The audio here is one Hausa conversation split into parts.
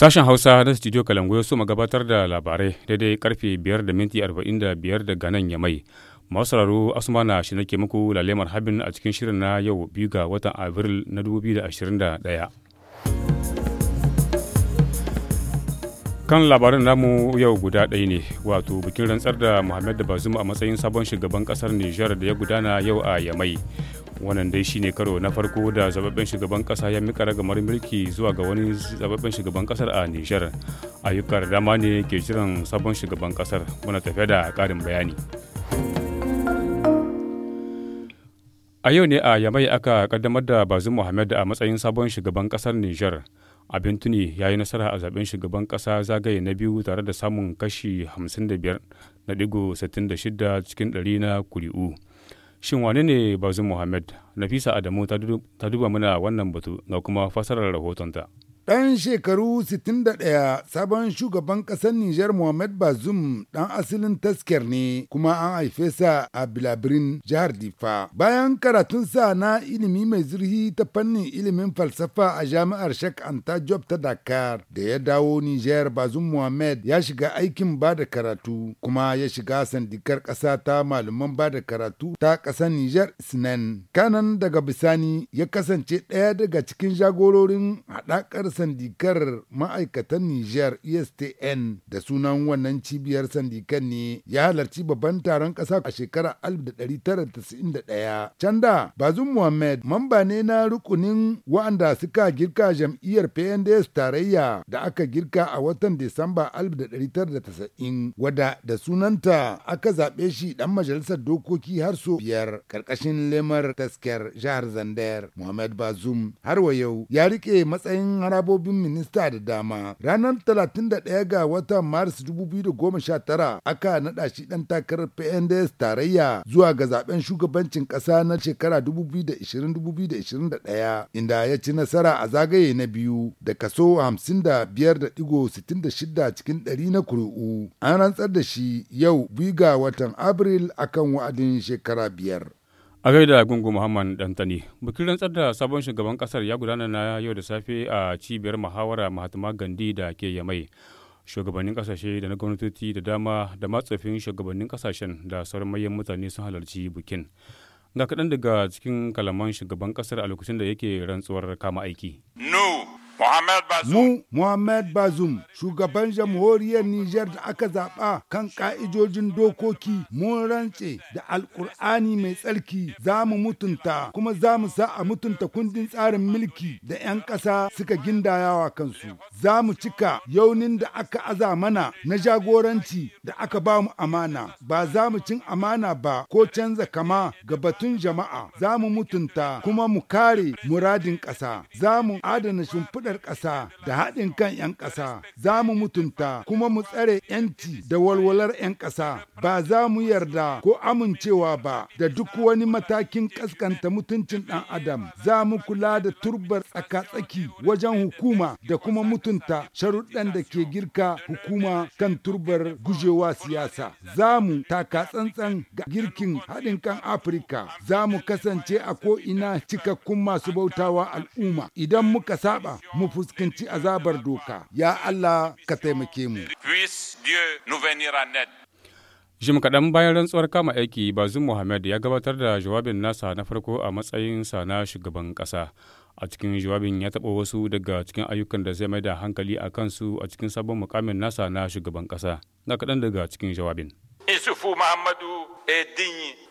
Sashen Hausa na Studio Kalangu ya soma gabatar da labarai daidai karfe 5 da minti 45 daga nan ya mai. Masu sauraro na shi nake muku lalemar habin a cikin shirin na yau biyu ga watan Abril na 2021. kan labarin namu yau guda ɗaya ne wato bikin rantsar da muhammad da bazum a matsayin sabon shugaban ƙasar nijar da ya gudana yau a yamai wannan dai shine karo na farko da zababben shugaban kasa ya mika ragamar mulki zuwa ga wani zababben shugaban kasar a nijar ayyukar dama ne ke jiran sabon shugaban kasar muna tafe da karin bayani a yau ne a yamai aka kaddamar da bazin muhammad a matsayin sabon shugaban kasar nijar abin tuni ya yi nasara a zaben shugaban kasa zagaye na biyu tare da samun kashi 55.66 cikin 100 na kuri'u. Shin wane ne bazin Muhammad? Nafisa Adamu ta duba mana wannan batu ga kuma fasarar rahotonta. Ɗan shekaru 61 sabon shugaban ƙasar Nijar Mohamed bazum ɗan asalin tasker ne kuma an haife sa a Bilabirin jihar Difa. Bayan karatun sa na ilimi mai zurfi ta fannin ilimin falsafa a jami'ar Sheikh Anta Job ta Dakar da ya dawo Nijar Bazoum Mohamed ya shiga aikin ba da karatu kuma ya shiga sandikar ƙasa ta malaman ba da karatu ta ƙasar Nijar Sinan. Kanan daga bisani ya kasance ɗaya daga cikin jagororin haɗakar sandikar ma'aikatan Nijar ESTN da sunan wannan cibiyar sandikan ne ya halarci babban taron ƙasa a shekarar 1991. Canda, da Bazum Muhammad mamba ne na rukunin wa'anda suka girka jam'iyyar PNDS tarayya da aka girka a watan Disamba 1990 wada da sunanta aka zaɓe shi ɗan majalisar dokoki har so biyar ƙarƙashin lemar tasker jihar Zandayar Muhammad Bazum har wa yau ya riƙe matsayin harawa sabobin minista da dama. Ranar 31 ga watan Maris 2019 aka naɗa shi ɗan takarar PNDS tarayya zuwa ga zaben shugabancin ƙasa na shekara 2020-2021 inda ya ci nasara a zagaye na biyu da kaso 55.66 cikin 100 na kuri'u. An rantsar da shi yau biyu ga watan Abril akan wa'adin shekara biyar. A gaida gungu Muhammad Dantani, bikin rantsar da sabon shugaban kasar ya gudana na yau da safe a cibiyar muhawara Mahatma Gandhi da ke Yamai. Shugabannin kasashe da na gwamnatoci da dama da matsafin shugabannin kasashen da sauran manyan mutane sun halarci bikin. Ga kaɗan daga cikin kalaman shugaban kasar a lokacin da yake rantsuwar kama aiki. No. Mu Muhammad Bazum shugaban jamhuriyar Nijar da aka zaɓa kan ƙa'idojin dokoki mun rantse da alƙur'ani mai tsarki za mu mutunta kuma za mu sa a mutunta kundin tsarin mulki da 'yan ƙasa suka gindayawa kansu. Za mu cika yaunin da aka aza mana na jagoranci da aka ba mu amana ba za mu cin amana ba ko canza kama ga batun jama'a za mu mutunta kuma mu kare muradin ƙasa za mu adana shimfiɗa ɗaukakar ƙasa da haɗin kan 'yan ƙasa za mu mutunta kuma mu tsare 'yanci da walwalar 'yan ƙasa ba za mu yarda ko amincewa ba da duk wani matakin ƙaskanta mutuncin ɗan adam za mu kula da turbar tsaka-tsaki wajen hukuma da kuma mutunta sharuɗɗan da ke girka hukuma kan turbar gujewa siyasa za mu taka tsantsan ga girkin haɗin kan afirka za mu kasance a ko'ina cikakkun masu bautawa al'umma idan muka saba mu fuskanci azabar doka ya Allah ka taimake mu Jim kaɗan bayan rantsuwar kama aiki bazin mohammed ya gabatar da jawabin nasa na farko a matsayinsa na shugaban ƙasa. A cikin jawabin ya taɓa wasu daga cikin ayyukan da zai mai da hankali a kansu a cikin sabon mukamin nasa na shugaban ƙasa. Ga kaɗan daga cikin jawabin. Isufu Muhammadu Edinyi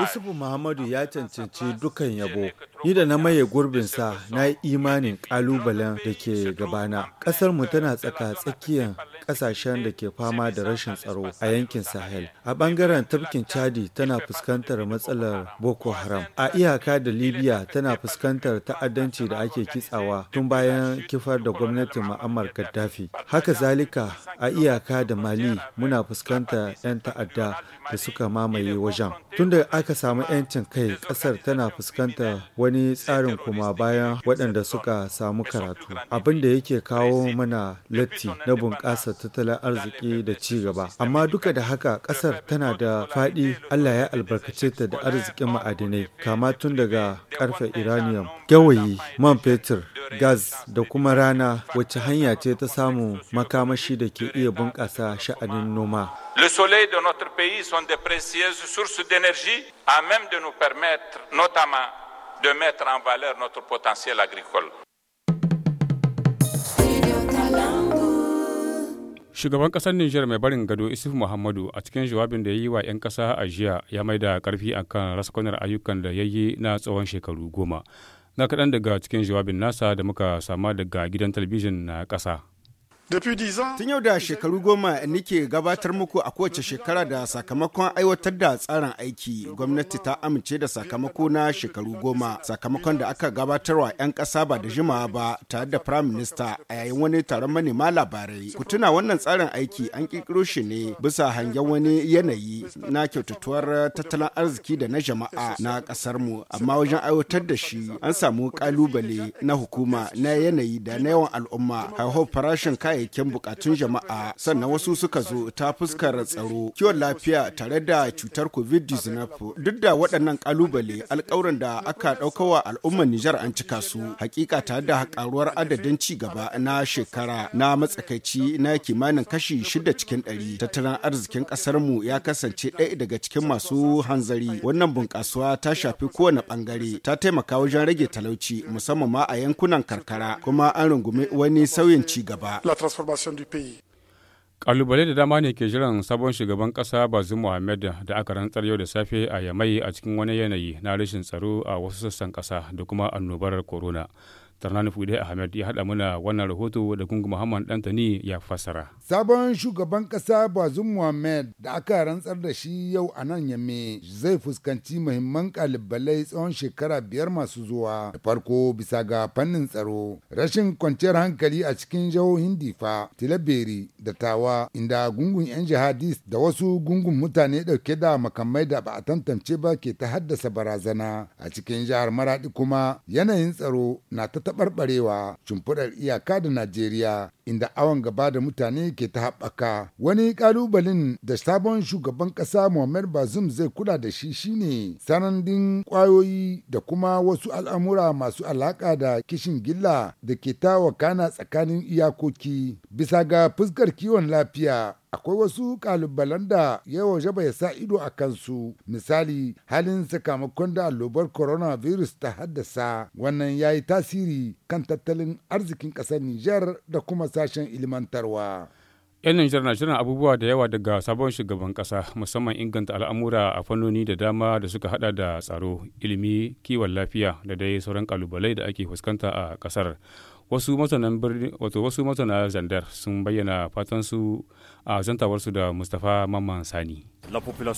Yusufu Muhammadu ya cancanci dukan yabo. Ni da na maye gurbinsa na yi imanin ƙalubalen da ke gabana. mu tana tsaka tsakiyar ƙasashen da ke fama da rashin tsaro a yankin Sahel. A bangaren tafkin Chadi tana fuskantar matsalar Boko Haram. A iyaka da Libya tana fuskantar ta'addanci da ake kitsawa tun bayan kifar da gwamnatin Muammar Gaddafi. Haka zalika a iyaka da Mali muna fuskantar 'yan ta'adda da suka mamaye wajen. tunda aka samu 'yancin kai kasar tana fuskanta wani tsarin kuma bayan waɗanda suka samu karatu abin da yake kawo mana latti na bunƙasa tattalin arziki da ci gaba amma duka da haka ƙasar tana da faɗi allah ya albarkace ta da arzikin ma'adinai kama tun daga karfe iranium gawayi man fetur gas da kuma rana wacce hanya ce ta samu makamashi da ke iya bunƙasa sha'anin noma. Le soleil de notre pays sont de précieuses sources d'énergie à même de nous permettre notamment de mettre en valeur notre potentiel agricole. Shugaban ƙasar Nijar mai barin gado Isuf Muhammadu a cikin jawabin da ya yi wa 'yan ƙasa a jiya ya maida da ƙarfi akan rasakonar ayyukan da ya yi na tsawon shekaru goma. na kaɗan daga cikin jawabin nasa da muka sama daga gidan talabijin na ƙasa. Tun yau da shekaru goma nike gabatar muku a kowace shekara da sakamakon aiwatar da tsarin aiki. Gwamnati ta amince da sakamako na shekaru goma. Sakamakon da aka gabatar wa 'yan ƙasa ba da jimawa ba tare da Prime Minister a yayin wani taron manema labarai. Ku tuna wannan tsarin aiki an kirkiro shi ne bisa hangen wani yanayi na kyautatuwar tattalin arziki da na jama'a na ƙasar mu. Amma wajen aiwatar da shi an samu ƙalubale na hukuma na yanayi da na yawan al'umma. Hauhau farashin kayan kayayyakin bukatun jama'a sannan wasu suka zo ta fuskar tsaro kiwon lafiya tare da cutar covid-19 duk da waɗannan kalubale alkawuran da aka ɗauka wa al'ummar nijar an cika su hakika tare da karuwar adadin ci gaba na shekara na matsakaici na kimanin kashi shida cikin ɗari tattalin arzikin ƙasar mu ya kasance ɗaya daga cikin masu hanzari wannan bunƙasuwa ta shafi kowane bangare ta taimaka wajen rage talauci musamman ma a yankunan karkara kuma an rungumi wani sauyin ci gaba transformation du pays. kalubale da dama ne ke jiran sabon shugaban kasa bazum muhammad da aka rantsar yau da safe a yamai a cikin wani yanayi na rashin tsaro a wasu sassan kasa da kuma annobar corona Tarnani Fude Ahmed ya haɗa mana wannan rahoto da gungu Muhammad Dantani ya fassara. Sabon shugaban ƙasa Bazum Muhammad da aka rantsar da shi yau a nan yamme zai fuskanci muhimman ƙalibalai tsawon shekara biyar masu zuwa. Da farko bisa ga fannin tsaro, rashin kwanciyar hankali a cikin jihohin Difa, Tilaberi da Tawa inda gungun 'yan jihadis da wasu gungun mutane dauke da makamai da ba a tantance ba ke ta haddasa barazana a cikin jihar Maradi kuma yanayin tsaro na ta taɓarɓarewa cumfuɗar iyaka da Najeriya inda awon gaba da mutane ke ta haɓaka. Wani ƙalubalen da sabon shugaban ƙasa Muhammad Bazum zai kula da shi shine sanandin ƙwayoyi da kuma wasu al'amura masu alaƙa da kishin gilla da ke ta wakana tsakanin iyakoki bisa ga fuskar kiwon lafiya akwai wasu kalubalen da ya waje ya sa ido a kansu misali halin sakamakon da allobar coronavirus ta haddasa wannan ya yi tasiri kan tattalin arzikin ƙasar Nijar da kuma sashen ilimantarwa. 'yan nijar na shirin abubuwa da yawa daga sabon shugaban kasa musamman inganta al'amura a fannoni da dama da suka hada da tsaro ilimi kiwon lafiya da dai sauran kalubalai da ake fuskanta a kasar wasu masanan wato wasu masana zandar sun bayyana fatan su a zantawarsu da mustapha mamman sani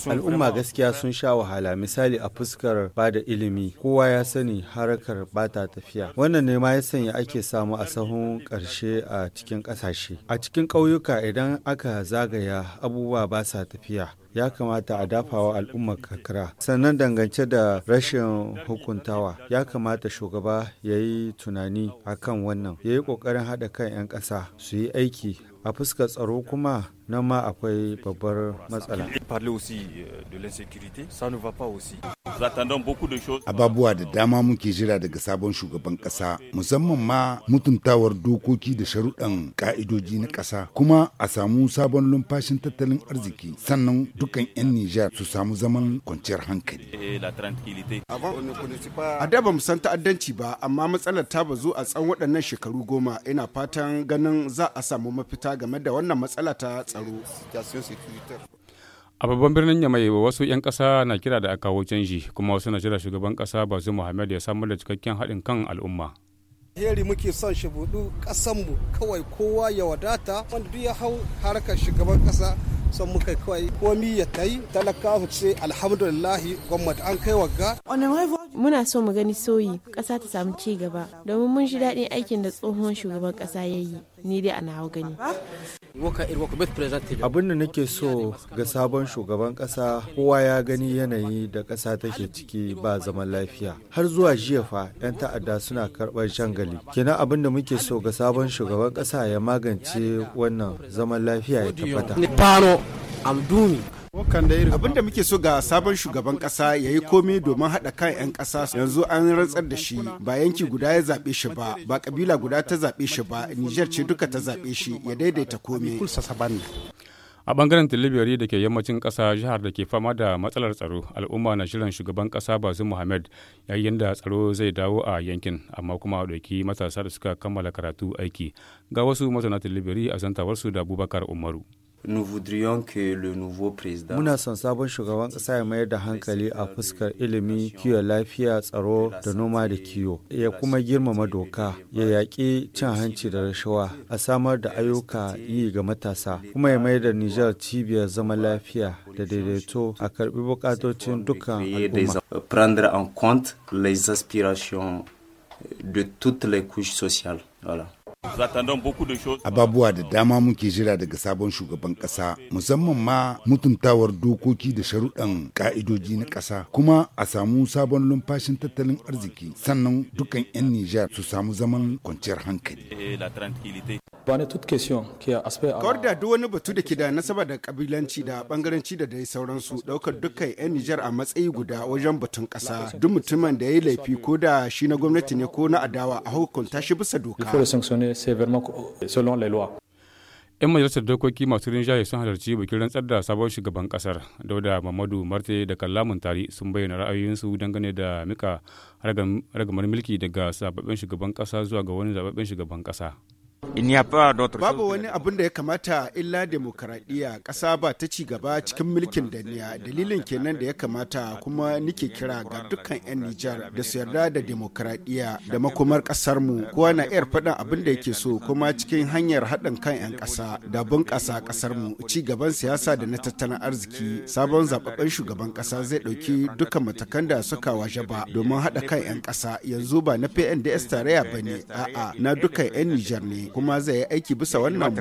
Al'umma gaskiya sun sha wahala misali a fuskar ba da ilimi kowa ya sani harakar bata tafiya. Wannan ne ma ya sanya ake samu a sahun ƙarshe a cikin ƙasashe. A cikin ƙauyuka idan aka zagaya abubuwa ba sa tafiya. ya kamata a dafawa al'ummar kakara sannan dangance da rashin hukuntawa ya kamata shugaba ya yi tunani akan wannan ya yi ƙoƙarin haɗa kan 'yan ƙasa su yi aiki a fuskar tsaro kuma nan ma akwai babbar matsala. Euh, Ababuwa da dama muke jira daga sabon shugaban ƙasa, musamman ma mutuntawar dokoki da sharuɗan ƙa'idoji na ƙasa, kuma a samu sabon lumfashin tattalin arziki, sannan dukkan 'yan Nijar su samu zaman kwanciyar hankali. A da ba san ta'addanci ba, amma matsalar ta bazu a tsawon waɗannan shekaru goma ina fatan ganin za a samu mafita game da wannan matsala ta tsaro situation securitaire a babban birnin yamai wasu 'yan ƙasa na kira da a kawo canji kuma wasu na jira shugaban ƙasa bazu muhammad ya samar da cikakken haɗin kan al'umma heri muke son shi budu kasanmu kawai kowa ya wadata wanda duk ya hau harkar shugaban kasa son muka kawai komi ya tai talaka ce alhamdulillahi gwamnati an kai wagga muna so mu gani soyi kasa ta samu ci gaba domin mun ji daɗin aikin da tsohon shugaban kasa ya yi ni dai a nawa gani abin da nake so ga sabon shugaban kasa kowa ya gani yanayi da kasa take ciki ba zaman lafiya har zuwa jiya fa 'yan ta'adda suna karɓar shangali kenan abin da muke so ga sabon shugaban kasa ya magance wannan zaman lafiya ya tabbata da muke so ga sabon shugaban kasa ya yi komi domin haɗa kan 'yan ƙasa yanzu an rantsar da shi ba yanki guda ya zaɓe shi ba ba kabila guda ta zaɓe shi ba nijar ce duka ta zaɓe shi ya daidaita komi a bangaren tilibiri da ke yammacin ƙasa jihar da ke fama da matsalar tsaro al'umma na shirin shugaban ƙasa bazu muhammad yayin da tsaro zai dawo a yankin amma kuma ɗauki matasa da suka kammala karatu aiki ga wasu masana tilibiri a zantawarsu da abubakar umaru Nous voudrions que le nouveau Muna son sabon shugaban kasa ya mayar da hankali a fuskar ilimi, kiwon lafiya, tsaro da noma da kiyo Ya kuma girmama doka, ya yaƙi cin hanci da rashawa, a samar da ayyuka yi ga matasa, kuma ya mayar da Nijar cibiyar zaman lafiya da daidaito a karbi compte dukkan al'umma. de toutes les couches sociales. Voilà. Ababuwa da dama muke jira daga sabon shugaban kasa musamman ma mutuntawar dokoki da sharuɗan ka'idoji na kasa kuma a samu sabon lumfashin tattalin arziki sannan dukkan 'yan Nijar su samu zaman kwanciyar hankali. kawar da duk wani batu da ke da nasaba da kabilanci da bangaranci da dai sauransu daukar dukkan yan Nijar a matsayi guda wajen batun kasa duk mutumin da ya yi laifi ko da shi na gwamnati ne ko na adawa a hukunta shi bisa doka sévèrement selon les lois. 'Yan majalisar dokoki masu rinjaye sun halarci bikin rantsar da sabon shugaban kasar Dauda Mamadu Marte da Kallamun Tari sun bayyana ra'ayoyinsu dangane da mika ragamar milki daga sababbin shugaban kasa zuwa ga wani zababbin shugaban kasa. Babu wani abin da ya kamata illa demokaradiyya ƙasa ba ta ci gaba cikin mulkin daniya dalilin kenan da ya kamata kuma nike kira ga dukkan 'yan Nijar da su yarda da demokaradiyya da makomar ƙasar mu kowa na iya faɗin abin da yake so kuma cikin hanyar haɗin kan 'yan ƙasa da bunƙasa ƙasarmu mu ci gaban siyasa da na tattalin arziki sabon zababben shugaban ƙasa zai ɗauki dukkan matakan da suka waje ba domin haɗa kan 'yan ƙasa yanzu ba na PNDS tarayya bane a'a na dukkan 'yan Nijar ne kuma zai yi aiki bisa wannan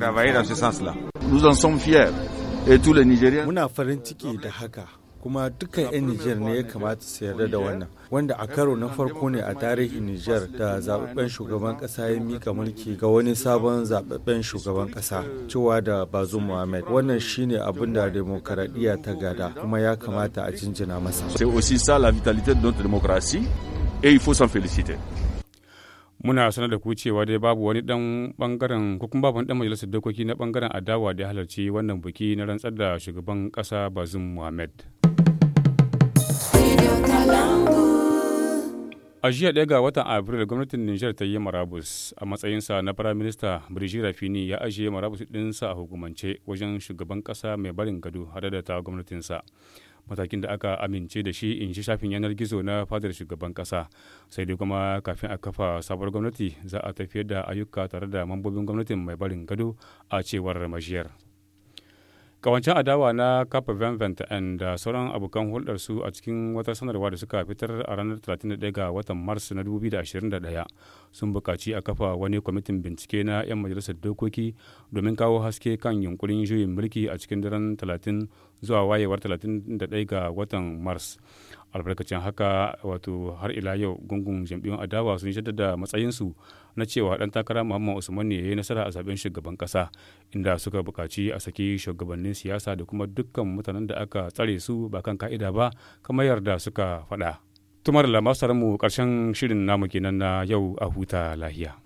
muna farin ciki da haka kuma dukkan 'yan Nijar ne ya kamata su yarda da wannan wanda a karo na farko ne a tarihin Nijar da zababben shugaban kasa ya mika mulki ga wani sabon zababben shugaban kasa cewa da bazu Muhammad wannan shine abin da demokaradiyya ta gada kuma ya kamata a jinjina masa. aussi ça la vitalité de notre démocratie et il faut s'en féliciter. muna sanar da ku cewa dai babu wani dan bangaren ko kuma babu wani dan majalisar dokoki na bangaren adawa da ya halarci wannan biki na rantsar da shugaban kasa bazum muhammad a jiya ɗaya ga watan april gwamnatin niger ta yi marabus a matsayinsa na firaminista birji rafini ya ajiye marabus ɗinsa a hukumance wajen shugaban ƙasa mai barin gado hada da ta gwamnatinsa matakin da aka amince da shi in shi shafin yanar gizo na fadar shugaban kasa sai dai kuma kafin a kafa sabuwar gwamnati za a tafiyar da ayyuka tare da mambobin gwamnatin mai barin gado a cewar majiyar. Kawancin adawa na kafa 2021 da sauran abokan hulɗarsu a cikin wata sanarwa da suka fitar a ranar 31 ga watan Mars na 2021 sun buƙaci a kafa wani kwamitin bincike na 'yan majalisar dokoki domin kawo haske kan yunkurin juyin mulki a cikin daren 30 zuwa wayewar 31 ga watan Mars. albarkacin haka wato har ila yau gungun jam'iyyun adawa sun jaddada matsayinsu na cewa dan takara muhammad usman ne ya yi nasara a zaben shugaban kasa inda suka buƙaci a saki shugabannin siyasa da kuma dukkan mutanen da aka tsare su ba kan ka'ida ba kamar yarda suka faɗa tumar lamasarar mu ƙarshen shirin namu kenan na yau a huta lahiya